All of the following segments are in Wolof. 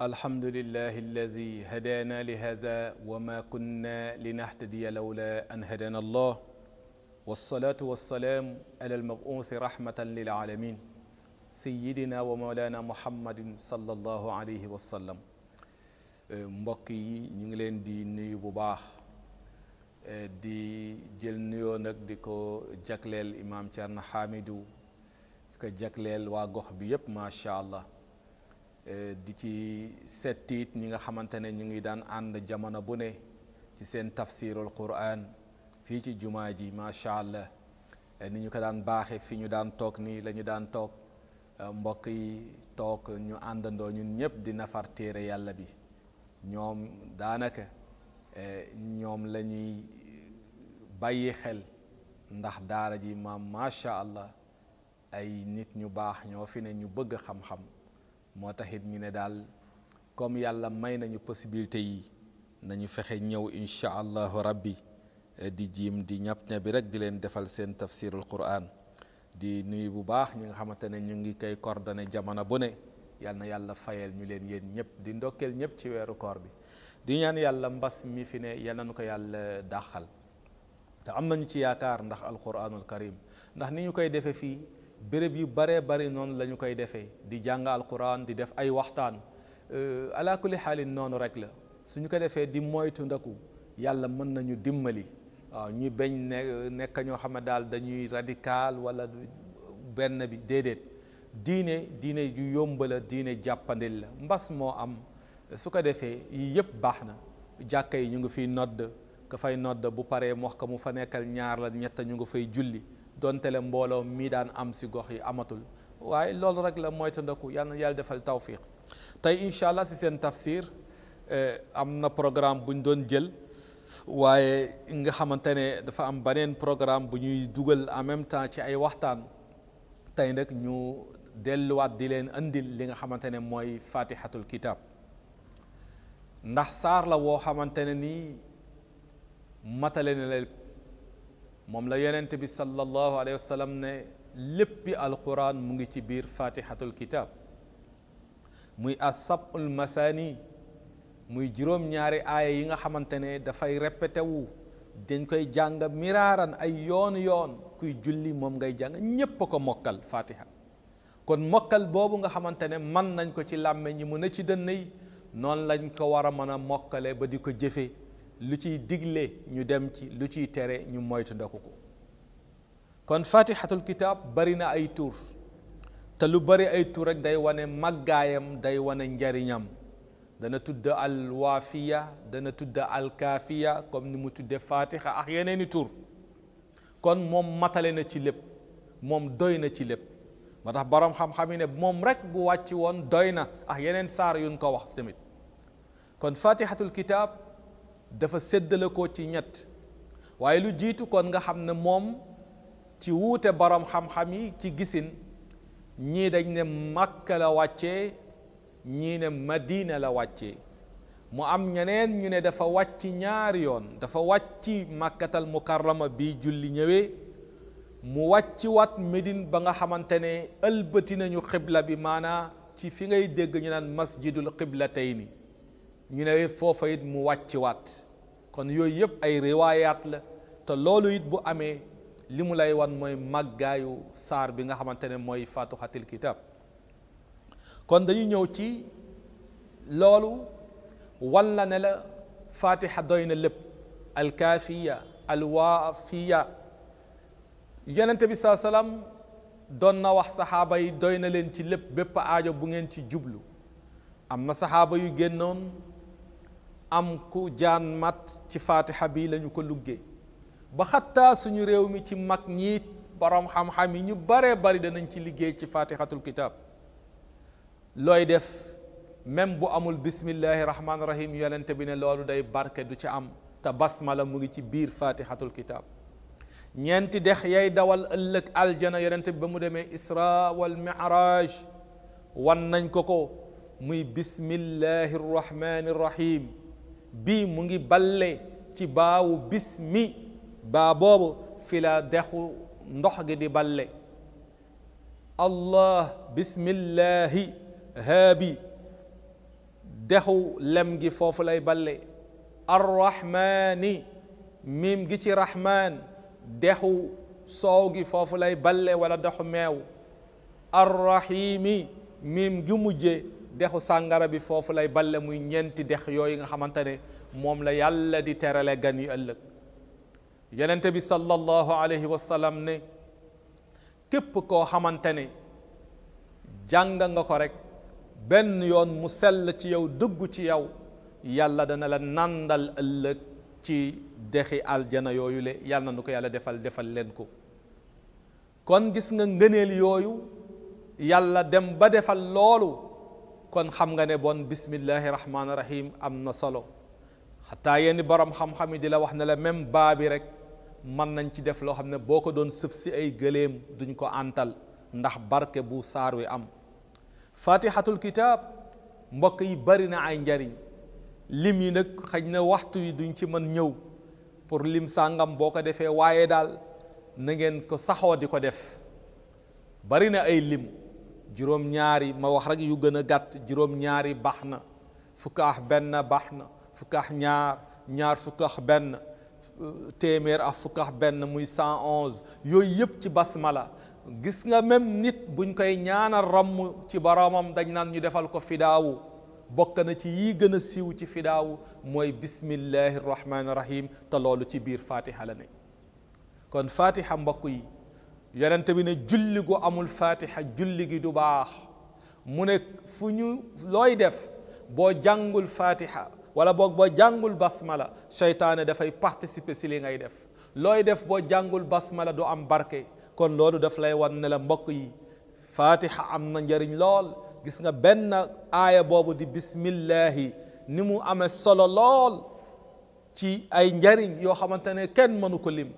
الحمد لله الذي هدانا لهذا وما كنا لنهتدي لولا أن هدانا الله والصلاة والسلام على المبعوث رحمة للعالمين سيدنا ومولانا محمد صلى الله عليه وسلم mbokk yi ñu ngi leen di nuyu bu baax Eh, di jël nuyoo nag di ko jagleel imaam Thierno Hamidou di ko jagleel waa gox bi yëpp macha allah eh, di ci settiit ñi nga xamante ne ñu ngi daan ànd jamono bu ne ci seen tafsirul Qur'an fii ci jumaa ji macha allah eh, ni ñu ko daan baaxe fi ñu daan toog nii lañu daan toog mbokk yi toog ñu àndandoo ñun ñëpp di nafar téere yàlla bi ñoom daanaka ñoom la ñuy bàyyi xel ndax daara ji maam macha allah ay nit ñu baax ñoo fi ne ñu bëgg xam-xam moo taxit ñu ne daal comme yàlla may nañu possibilité yi nañu fexe ñëw incha allahu rabbi di jiim di ñap ña bi rek di leen defal seen tafsirul quran di nuyu bu baax ñi nga xamante ne ñu ngi koy coordonné jamono bu ne yàlla na yàlla fayal ñu leen yéen ñëpp di ndokkeel ñëpp ci weeru koor bi di ñaan yàlla mbas mi fi ne yal nu ko yàlla dàqal te am nañu ci yaakaar ndax alquranul karim ndax ni ñu koy defee fii béréb yu baree bari noonu lañu koy defee di jàng alquran di def ay waxtaan euh, ala kulli xaalin noonu rek la suñu ko defee di moytu ndaku yàlla mën nañu dimbali waaw ñu beñ ne nekk ñoo xam ne daal dañuy radical wala benn bi déedéet diine diine ju yomb diine jàppandil la mbas moo am su ko defee yii yëpp baax na jàkka yi ñu ngi fiy nodd ka fay nodd bu paree mox ka mu fa nekkal ñaar la ñett ñu nga fay julli donte le mbooloo mii daan am si gox yi amatul waaye loolu rek la mooy ta ndaku yal yàlla defal tawfiq tey incha allah si seen tafsir eh, am na programme bu ñu doon jël waaye nga xamante ne dafa am beneen programme bu ñuy dugal en même temps ci ay waxtaan tey nag ñu delluwaat di leen indil li nga xamante ne mooy fatihatul kitab ndax saar la woo xamante nii matale na lépp moom la yonent bi sallallahu alayhi wa sallam ne léppi alquran mu ngi ci biir fatihatul kitab muy asabul masani muy juróom-ñaari aaya yi nga xamante ne dafay répété wu dañ koy jàng miraaran ay yoon yoon kuy julli moom ngay jàng ñépp ko mokkal fatiha kon mokkal boobu nga xamante ne mën nañ ko ci làmmiñ ñi mën a ci dënn yi noonu lañ ko war a mën a mokkale ba di ko jëfee lu ciy digle ñu dem ci lu ciy tere ñu moytu ndoku ko kon fatihatul kitab bari na ay tur te lu bari ay tuur rek day wane màggaayam day wane njariñam dana tudd alwaafiya dana tudd alkaafiya comme ni mu tudde fatiha ak yeneeni tuur kon moom matale na ci lépp moom doy na ci lépp moo tax boroom xam-xam yi ne moom rek bu wàcc woon doy na ak yeneen saar yuñ ko wax tamit kon fatihatul kitab dafa séddale ko ci ñett waaye lu jiitu kon nga xam ne moom ci wuute borom xam-xam yi ci gisin ñii dañ ne Makka la wàccee ñii ne Madina la wàcce mu am ñeneen ñu ne dafa wàcc ñaari yoon dafa wàcc Makkatal Mukarrama bi julli ñëwee mu wàcc wat medin ba nga xamante ne ëlbati nañu xibla bi maanaa ci fi ngay dégg ñu naan masjidul xiblatayni ñu ne foofa it mu wàcciwaat kon yooyu yëpp ay riwaayaat la te loolu it bu amee li mu lay wan mooy màggaayu saar bi nga xamante ne mooy fatixatil kitab kon dañu ñëw ci loolu wan la ne la faatixa doy na lépp alkaafiya alwaafiya yonente bi saa salaam doon na wax saxaaba yi doy na leen ci lépp bépp aajo bu ngeen ci jublu am saxaaba yu génnoon am ku jaan mat ci faatixa bi lañu ko luggee ba xattaa suñu réew mi ci mag ñiit borom xam-xam yi ñu baree bari danañ ci liggéey ci faatixatul kitaab looy def même bu amul bismillahi rahmaani rahim yonente bi ne loolu day barke du ci am te basmala mu ngi ci biir faatixatul kitaab ñeenti dex yay dawal ëllëg aljana yonente bi ba mu demee isra wal mi'raj wan nañ ko ko muy bismillahi rahmaani bii mu ngi balle ci baawu bismi baa boobu fi dexu ndox gi di balle allah bismillahi haabi dexu lem gi foofu lay balle arrahmani miim gi ci rahmaan dexu soow gi foofu lay balle wala dexu meew arrahimi miim gi mujje dexu sàngara bi foofu lay bale muy ñeenti dex yooyu nga xamante ne moom la yàlla di terale gan yi ëllëg yenente bi sallallahu alayhi wa sallam ne képp koo xamante ne jàng nga ko rek benn yoon mu sell ci yow dëggu ci yow yàlla dana la nàndal ëllëg ci dexi aljana yooyu le yàlla na nu ko yàlla defal defal leen ko kon gis nga ngëneel yooyu yàlla dem ba defal loolu kon xam nga ne bon bismillahi rahmaani rahim am na solo xataa yenn borom xam-xam yi di la wax ne la même baa bi rek mën nañ ci def loo xam ne boo ko doon sëf si ay gëléem duñ ko àntal ndax barke bu saar wi am fatihatul kitab mbokk yi bari na ay njariñ lim yi nag xëj na waxtu yi duñ ci mën ñëw pour lim sàngam boo ko defee waaye daal na ngeen ko saxoo di ko def bari na ay lim juróom-ñaari ma wax rek yu gën a gàtt juróom-ñaari baax na fukk ak benn baax na fukk ak ñaar ñaar fukk ak benn téeméer ak fukk ak benn muy cent onze yooyu yëpp ci basmala gis nga même nit buñ koy ñaanal ramm ci boroomam dañ naan ñu defal ko fidaawu bokk na ci yii gën a siiw ci fidaawu mooy bismillahi rahmaani rahim te loolu ci biir fatiha la ne kon fatiha mbokk yi yonente bi ne julli gu amul fatiha julli gi du baax mu ne fu ñu looy def boo jàngul fatiha wala boog boo jàngul basmala seytaane dafay participer si li ngay def looy def boo jàngul basmala du am barke kon loolu daf lay wan ne la mbokk yi fatiha am na njariñ lool gis nga benn aaya boobu di bismillahi ni mu amee solo lool ci ay njariñ yoo xamante ne kenn mënu ko lim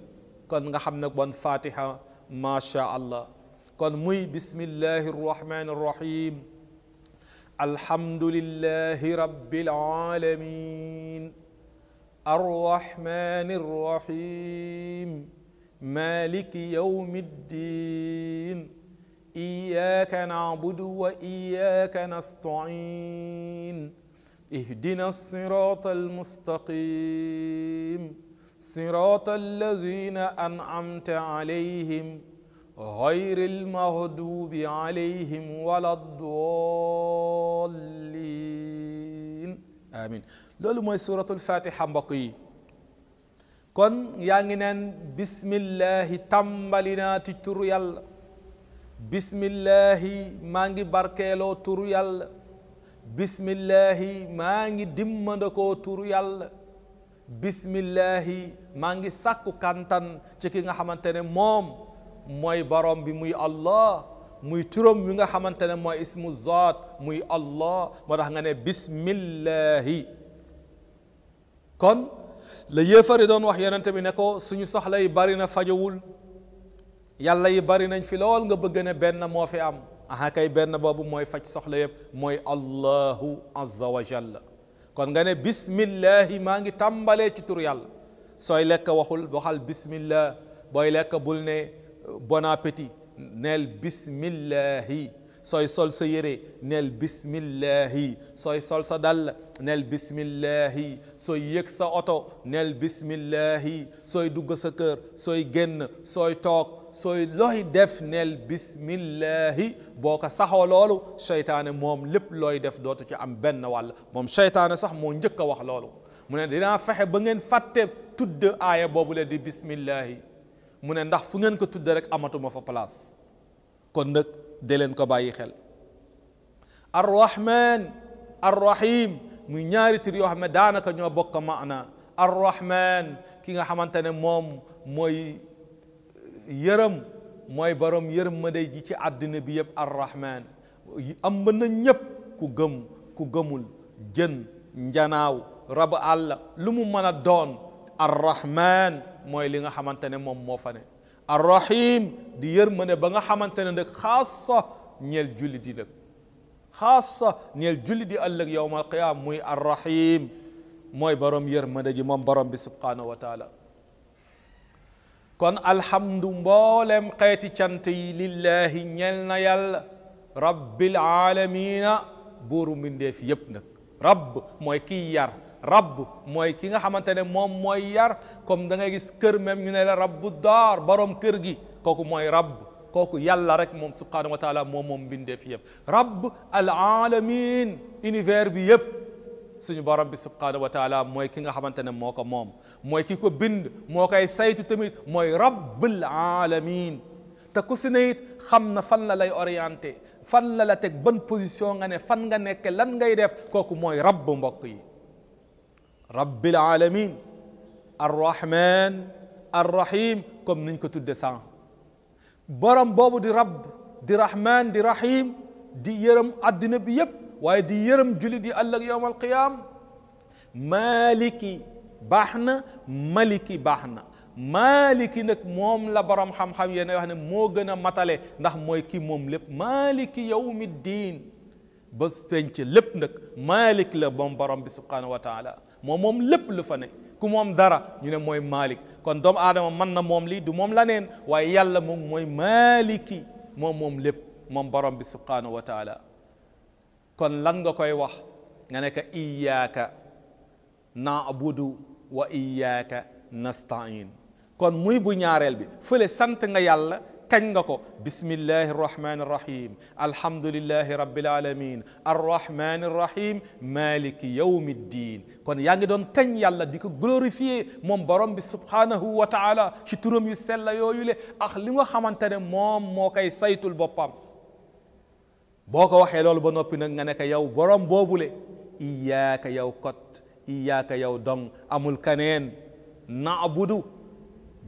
kon nga xam ne bon fatiha macha allah kon muy bismillahi rrahmani rrahim alhamdulillahi rabbil alamin arrahmani rrahim maliki yawmi ddin iyyaka na'budu wa iyyaka nasta'in ihdina sirata almustaqim صراط الذين أنعمت عليهم غير المغضوب عليهم ولا الضالين amiin loolu mooy suuratul Faatiha mbokk yi kon yaa ngi naan bismillahi tàmbali naa ci turu yàlla bismillahi maa ngi barkeeloo turu yàlla bismillahi maa ngi dimmandakoo turu yàlla bismillahi maa ngi sàkku kantan ci nga xamante ne moom mooy borom bi muy allah muy turam wi nga xamante ne mooy ismu zaat muy allah moo tax nga ne bismillahi kon la yéefari doon wax yonente bi ne ko suñu soxla yi bari na fajowul yàlla yi bari nañ fi lool nga bëgg ne benn moo fi am aha kay benn boobu mooy faj soxla yëpp mooy allahu azza wa kon nga ne bismillahi maa ngi tàmbalee ci tur yàlla sooy lekk waxul waxal bismillah booy lekk bul ne bon appétit neel bismillahi sooy sol sa yére nel bismillahi sooy sol sa dàll nel bismillahi sooy yëg sa oto neel bismillahi sooy dugg sa kër sooy génn sooy toog sooy looy def neel bismillahi boo ko saxoo loolu seytaane moom lépp looy def dootu ci am benn wàll moom seytaane sax moo njëkk a wax loolu mu ne dinaa fexe ba ngeen fàtte tudd boobu la di bismillahi mu ne ndax fu ngeen ko tudd rek amatuma fa place kon nag de leen ko bàyyi xel arrahman arrahim muy ñaari tur yoo xam ne daanaka ñoo bokk maana arrahman ki nga xamante ne moom mooy yërëm mooy borom yërmande ji ci àddina bi yëpp arrahman ëmb na ñépp ku gëm gëmul jën njanaaw rab àll lu mu mën a doon arrahman mooy li nga xamante ne moom moo fa ne arrahim di yërmande ba nga xamante ne nag xaasa ñeel julli di nag xaasa ñeel julli di ëllëg yowma alqiyaama muy arrahim mooy borom yërmande ji moom borom bi subhanahu wa kon alhamdu mboolem xeeti cant yi lillahi ñel na yàlla rabbil aalamiina buuru mbindeef yépp nag rabb mooy kiy yar rabb mooy ki nga xamante ne moom mooy yar comme da ngay gis kër même ñu ne la rabbu daar borom kër gi kooku mooy rabb kooku yàlla rek moom subhaanahu wa taala moom moom mbindeef yépp rabb al univers bi yépp suñu borom bi subhanahu wa taala mooy ki nga xamante ne moo ko moom mooy ki ko bind moo koy saytu tamit mooy rabbul alamin te ku si ne it xam na fan la lay orienté fan la la teg ban position nga ne fan nga nekk lan ngay def kooku mooy rabb mbokk yi rabbil alamin arrahman arrahim comme niñ ko tudde san borom boobu di rabb di rahman di rahim di yërëm àddina bi yépp waaye di yërëm jullit yi àllak yowm alqiyaam maaliki baax na maliki baax na maaliki nag moom la borom xam-xam yéen wax ne moo gën a matale ndax mooy kii moom lépp maaliki yowmi diin ba penc lépp nag maalik la moom borom bi subhanahu wa taala moom moom lépp lu fa ne ku moom dara ñu ne mooy maalik kon doom aadama mën na moom lii du moom la neen waaye yàlla moom mooy maaliki moom moom lépp moom borom bi subhanahu wa taala kon lan nga koy wax nga ne ko iyaaka budu wa iyaaka nastain kon muy bu ñaareel bi fële sant nga yàlla kañ nga ko bismillahi arrahmani arrahim alhamdulillahi rabbil alamin arrahmani arrahim maliki yawmi ddin kon yaa doon kañ yàlla di ko glorifier moom borom bi subhanahu wa taala ci turam yu sella yooyu le ak li nga xamante ne moom moo koy saytul boppam boo ko waxee loolu ba noppi nag nga ne ko yow borom boobule iyaaka yow kot iyaaka yow dong amul kaneen naabudu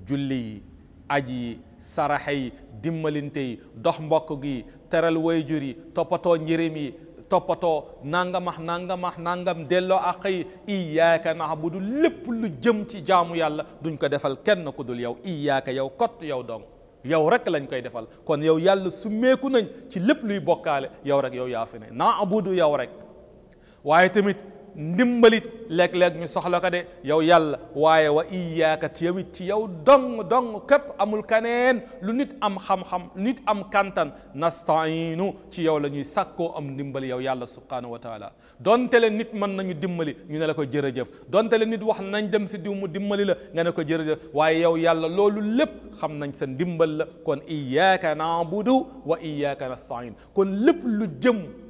julli yi aji yi saraxe yi dimbalinte dox mbokk gi teral wayjur yi toppatoo njërim yi toppatoo nangamax nangamax nangam delloo àq yi iyaaka naabudu lépp lu jëm ci jaamu yàlla duñ ko defal kenn ku dul yow iyaaka yow kot yow dong yow rek lañ koy defal kon yow yàlla summeeku nañ ci lépp luy bokkaale yow rek yow yaa fi ne naa abudu yow rek waaye tamit ndimbalit léeg-léeg ñu soxla ko de yow yàlla waaye wa iyaaka yawit ci yow dong dong képp amul kaneen lu nit am xam-xam nit am kantan nastainu ci yow la ñuy sàkkoo am ndimbali yow yàlla subhanahu wa taala donte le nit mën nañu dimbali ñu nela la ko jërëjëf donte le nit wax nañ dem si diw mu dimbali la nga ne ko jërëjëf waaye yow yàlla loolu lépp xam nañ sa ndimbal la kon iyaaka naabudu wa iyaaka nastain kon lépp lu jëm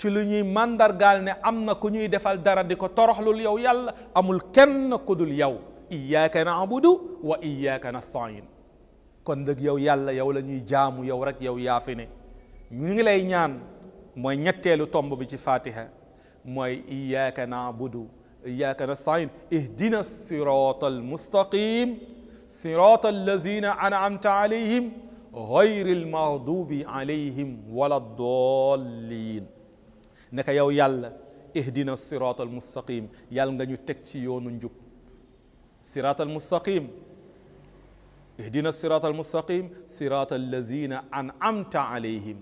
ci lu ñuy màndargaal ne am na ku ñuy defal dara di ko lu yow yàlla amul kenn ku dul yow iyyaka na'budu wa iyyaka nasta'in kon nag yow yàlla yow la ñuy jaamu yow rek yow yaafine fi ne ñu ngi lay ñaan mooy ñetteelu tomb bi ci fatiha mooy na iyyaka na'budu iyyaka nasta'in ihdina sirata almustaqim sirata allazina an'amta alayhim غير المغضوب عليهم ولا الضالين naka yow yàlla ihdina siratal mustaqim yàlla nga ñu teg ci yoonu njub siratal mustaqim ihdina siratal mustaqim siratal lazina an'amta alayhim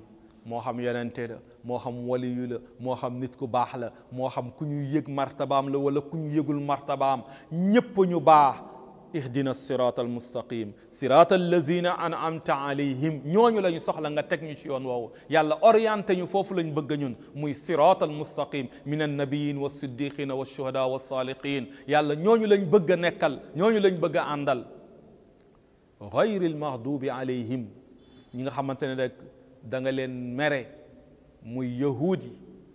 moo xam yonente la moo xam waliyu moo xam nit ku baax la moo xam ku ñu yëg martabaam la wala ku ñu yëgul martabaam ñépp ñu baax ihdina sirata al mustaqim sirata allazina an'amta alayhim ñooñu la ñu soxla nga teg ñu ci yoon woowu yàlla orienté ñu foofu lañ bëgg ñun muy sirata al mustaqim min annabiyin wa siddiqina wa shuhada wa saliqin yàlla ñooñu lañ bëgg a nekkal ñooñu lañ bëgg a àndal gayri al mahdubi alayhim ñi nga xamante ne rek da nga leen mere muy yahuud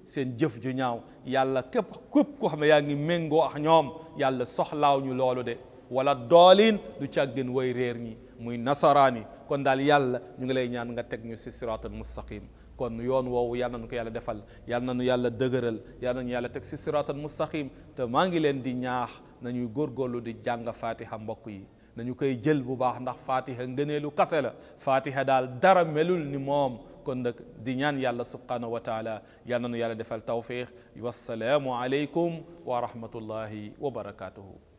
seen jëf ju ñaaw yàlla képp képp koo xam ne yaa ngi méngoo ak ñoom yàlla soxlaaw ñu loolu de wala doolin du càggin way réer ñi muy nasaraan yi kon daal yàlla ñu ngi lay ñaan nga teg ñu si siraatal mustaqim kon yoon woowu yal nañu ko yàlla defal yal nañu yàlla dëgëral yal nañu yàlla teg si siraatal mustaqim te maa ngi leen di ñaax nañuy góorgóorlu di jàng fatiha mbokk yi nañu koy jël bu baax ndax fatiha ngëneelu kase la fatiha daal dara melul ni moom kon nag di ñaan yàlla subhanahu wa taala yal nañu yàlla defal tawfiq wassalaamu aleykum wa rahmatullahi wa barakatuhu